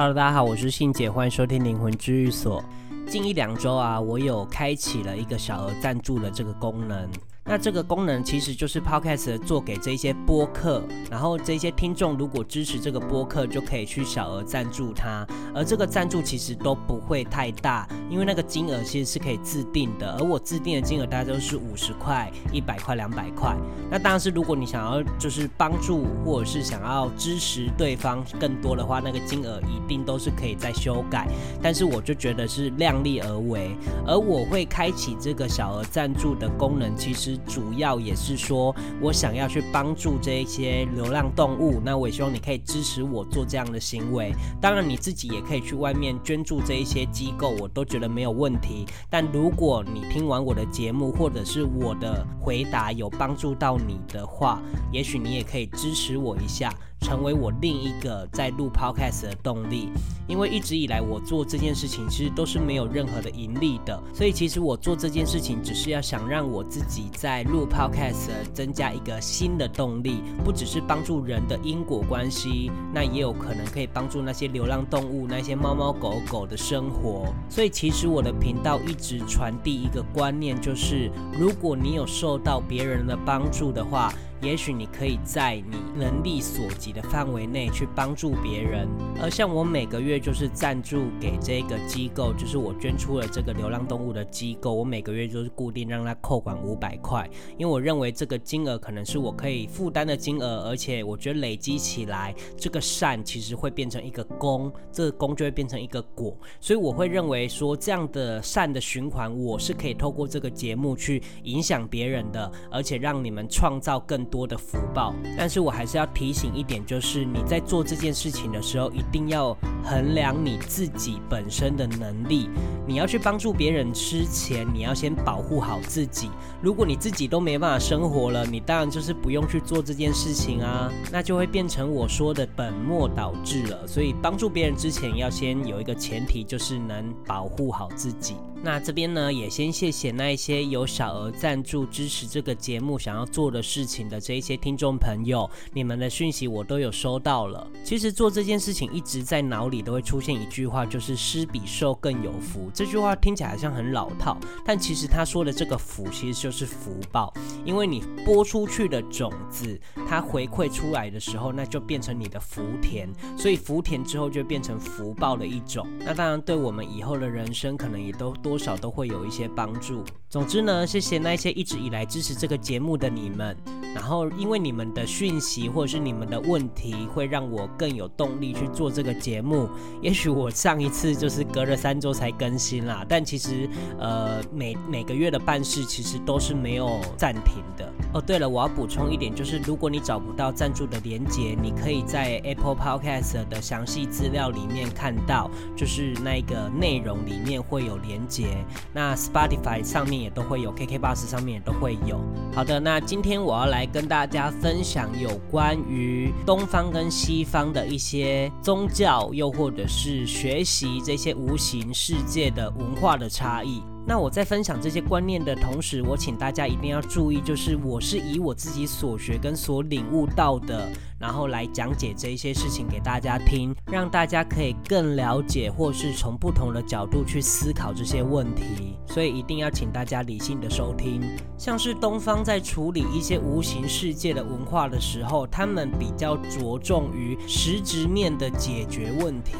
哈嘍，大家好，我是信姐，歡迎收聽靈魂治癒所。近一兩周啊，我有開啟了一個小額贊助的這個功能。那這個功能其實就是 Podcast 做給這些播客，然後這些聽眾如果支持這個播客，就可以去小額贊助它。而這個贊助其實都不會太大，因為那個金額其實是可以自定的。而我自定的金額大概都是五十塊、一百塊、兩百塊。那當然是如果你想要就是幫助或者是想要支持對方更多的話，那個金額一定都是可以再修改。但是我就覺得是量力而為。而我會開啟這個小額贊助的功能，其實。主要也是說，我想要去幫助這一些流浪動物，那我也希望你可以支持我做這樣的行為。當然，你自己也可以去外面捐助這一些機構，我都覺得沒有問題。但如果你聽完我的節目或者是我的回答有幫助到你的話，也許你也可以支持我一下。成為我另一個在錄 Podcast 的動力，因為一直以來我做這件事情其實都是沒有任何的盈利的，所以其實我做這件事情只是要想讓我自己在錄 Podcast 增加一個新的動力，不只是幫助人的因果關係，那也有可能可以幫助那些流浪動物，那些貓貓狗狗的生活。所以其實我的頻道一直傳遞一個觀念，就是如果你有受到別人的幫助的話，也許你可以在你能力所及的範圍內去幫助別人，而像我每個月就是贊助給這個機構，就是我捐出了這個流浪動物的機構，我每個月就是固定讓他扣款五百塊，因為我認為這個金額可能是我可以負擔的金額，而且我覺得累積起來這個善其實會變成一個功，這個功就會變成一個果，所以我會認為說這樣的善的循環，我是可以透過這個節目去影響別人的，而且讓你們創造更多。多的福報，但是我還是要提醒一點，就是你在做這件事情的時候，一定要衡量你自己本身的能力。你要去幫助別人之前，你要先保護好自己。如果你自己都沒辦法生活了，你當然就是不用去做這件事情啊，那就會變成我說的本末倒置了。所以，幫助別人之前，要先有一個前提，就是能保護好自己。那這邊呢，也先謝謝那一些有小額贊助支持這個節目想要做的事情的這一些聽眾朋友，你們的訊息我都有收到了。其實做這件事情，一直在腦裡都會出現一句話，就是“施比受更有福”。這句話聽起來好像很老套，但其實他說的這個福，其實就是福報。因為你播出去的種子，它回饋出來的時候，那就變成你的福田，所以福田之後就變成福報的一種。那當然，對我們以後的人生，可能也都多，多少都會有一些幫助。總之呢，謝謝那些一直以來支持這個節目的你們。然後，因為你們的訊息或者是你們的問題，會讓我更有動力去做這個節目。也許我上一次就是隔了三週才更新啦，但其實，呃，每每個月的辦事其實都是沒有暫停的。哦，對了，我要補充一點，就是如果你找不到贊助的連結，你可以在 Apple Podcast 的詳細資料裡面看到，就是那個內容裡面會有連結。那 Spotify 上面也都會有，KKBox 上面也都會有。好的，那今天我要來跟大家分享有關於東方跟西方的一些宗教，又或者是學習這些無形世界的文化的差異。那我在分享這些觀念的同時，我請大家一定要注意，就是我是以我自己所學跟所領悟到的，然後來講解這一些事情給大家聽，讓大家可以更了解或是從不同的角度去思考這些問題。所以一定要請大家理性的收聽。像是東方在處理一些無形世界的文化的時候，他們比較着重於實質面的解決問題。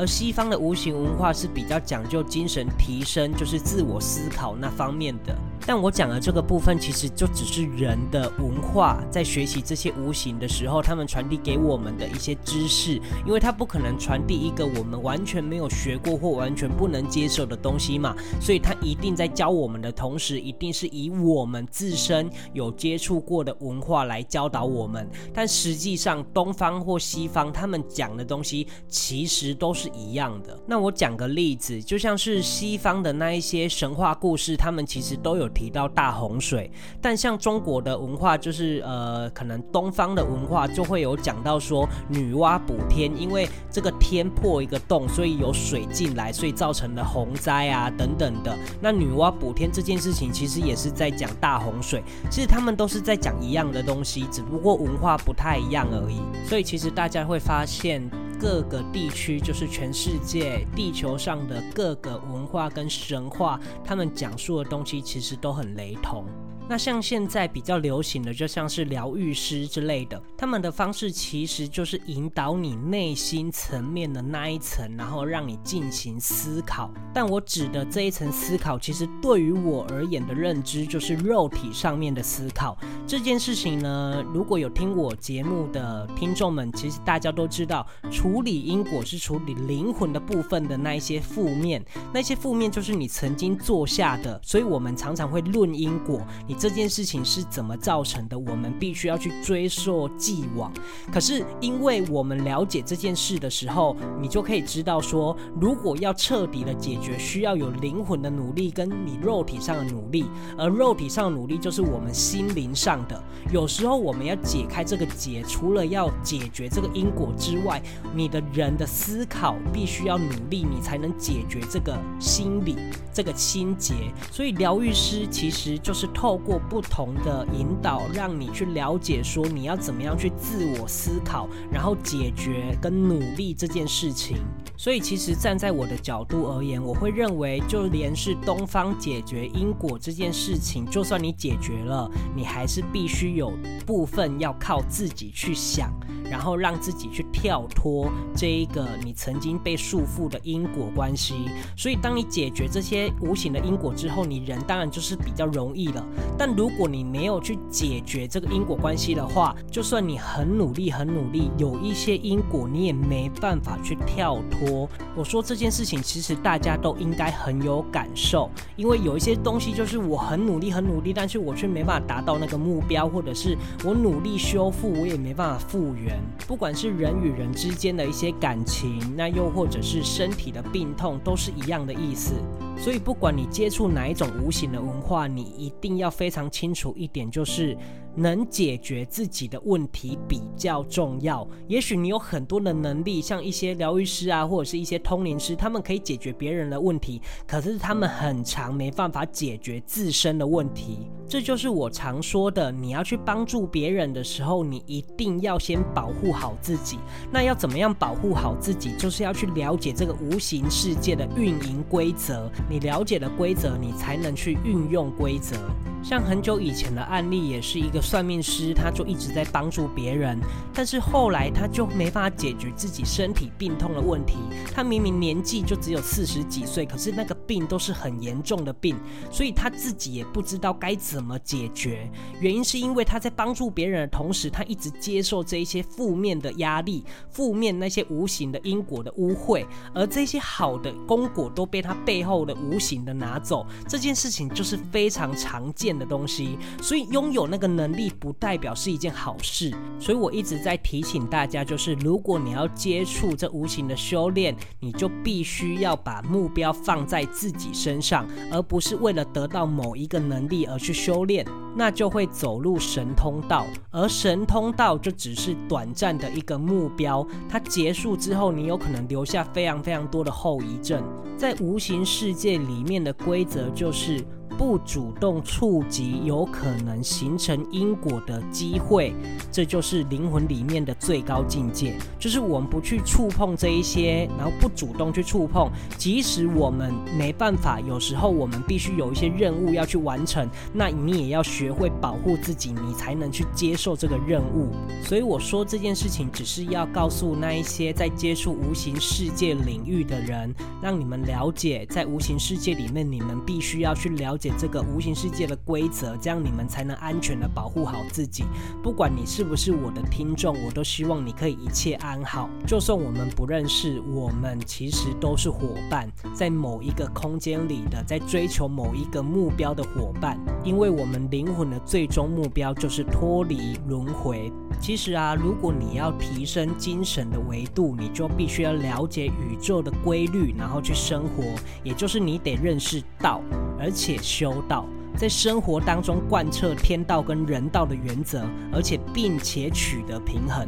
而西方的無形文化是比較講究精神提升，就是自我思考那方面的。但我講的這個部分，其實就只是人的文化在學習這些無形的時候，他們傳遞給我們的一些知識，因為他不可能傳遞一個我們完全沒有學過或完全不能接受的東西嘛。所以他一定在教我們的同時，一定是以我們自身有接觸過的文化來教導我們。但實際上，東方或西方他們講的東西，其實都是。一樣的，那我講個例子，就像是西方的那一些神話故事，他們其實都有提到大洪水。但像中國的文化，就是呃，可能東方的文化就會有講到說女媧補天，因為這個天破一個洞，所以有水進來，所以造成了洪災啊等等的。那女媧補天這件事情，其實也是在講大洪水。其實他們都是在講一樣的東西，只不過文化不太一樣而已。所以其實大家會發現。各個地區，就是全世界地球上的各個文化跟神話，他們講述的東西其實都很雷同。那像現在比較流行的，就像是療癒師之類的，他們的方式其實就是引導你內心層面的那一層，然後讓你進行思考。但我指的這一層思考，其實對於我而言的認知就是肉體上面的思考。這件事情呢，如果有聽我節目的聽眾們，其實大家都知道，處理因果是處理靈魂的部分的那一些負面，那些負面就是你曾經做下的，所以我們常常會論因果，這件事情是怎麼造成的？我們必須要去追溯既往。可是，因為我們了解這件事的時候，你就可以知道說，如果要徹底的解決，需要有靈魂的努力跟你肉體上的努力。而肉體上的努力就是我們心靈上的。有時候我們要解開這個結，除了要解決這個因果之外，你的人的思考必須要努力，你才能解決這個心理這個心結。所以，療癒師其實就是透過。做不同的引導，讓你去了解，說你要怎麼樣去自我思考，然後解決跟努力這件事情。所以，其實站在我的角度而言，我會認為，就連是東方解決因果這件事情，就算你解決了，你還是必須有部分要靠自己去想，然後讓自己去跳脫這一個你曾經被束縛的因果關係。所以，當你解決這些無形的因果之後，你人當然就是比較容易了。但如果你沒有去解決這個因果關係的話，就算你很努力、很努力，有一些因果你也沒辦法去跳脫。我我說這件事情，其實大家都應該很有感受，因為有一些東西就是我很努力，很努力，但是我卻沒辦法達到那個目標，或者是我努力修復，我也沒辦法復原。不管是人與人之間的一些感情，那又或者是身體的病痛，都是一樣的意思。所以，不管你接觸哪一種無形的文化，你一定要非常清楚一點，就是。能解決自己的問題比較重要。也許你有很多的能力，像一些療癒師啊，或者是一些通靈師，他們可以解決別人的問題，可是他們很常沒辦法解決自身的問題。這就是我常說的，你要去幫助別人的時候，你一定要先保護好自己。那要怎麼樣保護好自己？就是要去了解這個無形世界的運營規則。你了解了規則，你才能去運用規則。像很久以前的案例，也是一個算命師，他就一直在幫助別人，但是後來他就沒法解決自己身體病痛的問題。他明明年紀就只有四十幾歲，可是那個病都是很嚴重的病，所以他自己也不知道該怎麼解決。原因是因為他在幫助別人的同時，他一直接受這一些負面的壓力、負面那些無形的因果的污穢，而這些好的功果都被他背後的無形的拿走。這件事情就是非常常見。的東西，所以擁有那個能力不代表是一件好事。所以我一直在提醒大家，就是如果你要接觸這無形的修煉，你就必須要把目標放在自己身上，而不是為了得到某一個能力而去修煉。那就會走入神通道，而神通道就只是短暫的一個目標，它結束之後，你有可能留下非常非常多的後遺症。在無形世界裡面的規則就是。不主動觸及有可能形成因果的機會，這就是靈魂裡面的最高境界。就是我們不去觸碰這一些，然後不主動去觸碰，即使我們沒辦法，有時候我們必須有一些任務要去完成，那你也要學會保護自己，你才能去接受這個任務。所以我說這件事情，只是要告訴那一些在接觸無形世界領域的人，讓你們了解，在無形世界裡面，你們必須要去了解。這個無形世界的規則，這樣你們才能安全地保護好自己。不管你是不是我的聽眾，我都希望你可以一切安好。就算我們不認識，我們其實都是夥伴，在某一個空間裡的，在追求某一個目標的夥伴。因為我們靈魂的最終目標就是脫離輪迴。其實啊，如果你要提升精神的維度，你就必須要了解宇宙的規律，然後去生活。也就是你得認識到。而且修道，在生活當中貫徹天道跟人道的原則，而且並且取得平衡。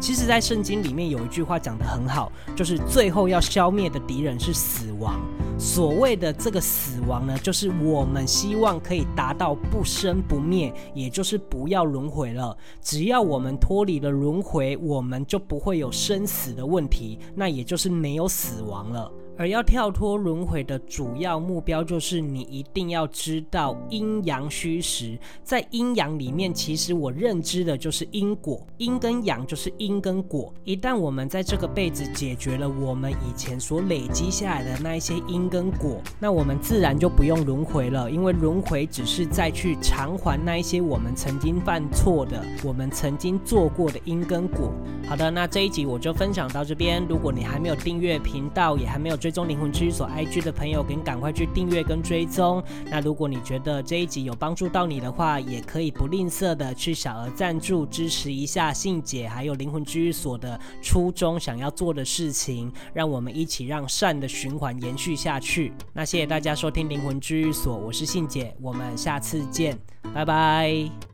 其實，在聖經裡面有一句話講得很好，就是最後要消滅的敵人是死亡。所謂的這個死亡呢，就是我們希望可以達到不生不滅，也就是不要輪回了。只要我們脫離了輪回，我們就不會有生死的問題，那也就是沒有死亡了。而要跳脫輪迴的主要目標，就是你一定要知道陰陽虛實。在陰陽裡面，其實我認知的就是因果，陰跟陽就是因跟果。一旦我們在這個輩子解決了我們以前所累積下來的那一些因跟果，那我們自然就不用輪迴了，因為輪迴只是再去償還那一些我們曾經犯錯的、我們曾經做過的因跟果。好的，那這一集我就分享到這邊。如果你還沒有訂閱頻道，也還沒有。追蹤靈魂治癒所 IG 的朋友，可以趕快去訂閱跟追蹤。那如果你覺得這一集有幫助到你的話，也可以不吝嗇的去小額贊助支持一下信姐，還有靈魂治癒所的初衷想要做的事情，讓我們一起讓善的循環延續下去。那謝謝大家收聽靈魂治癒所，我是信姐，我們下次見，拜拜。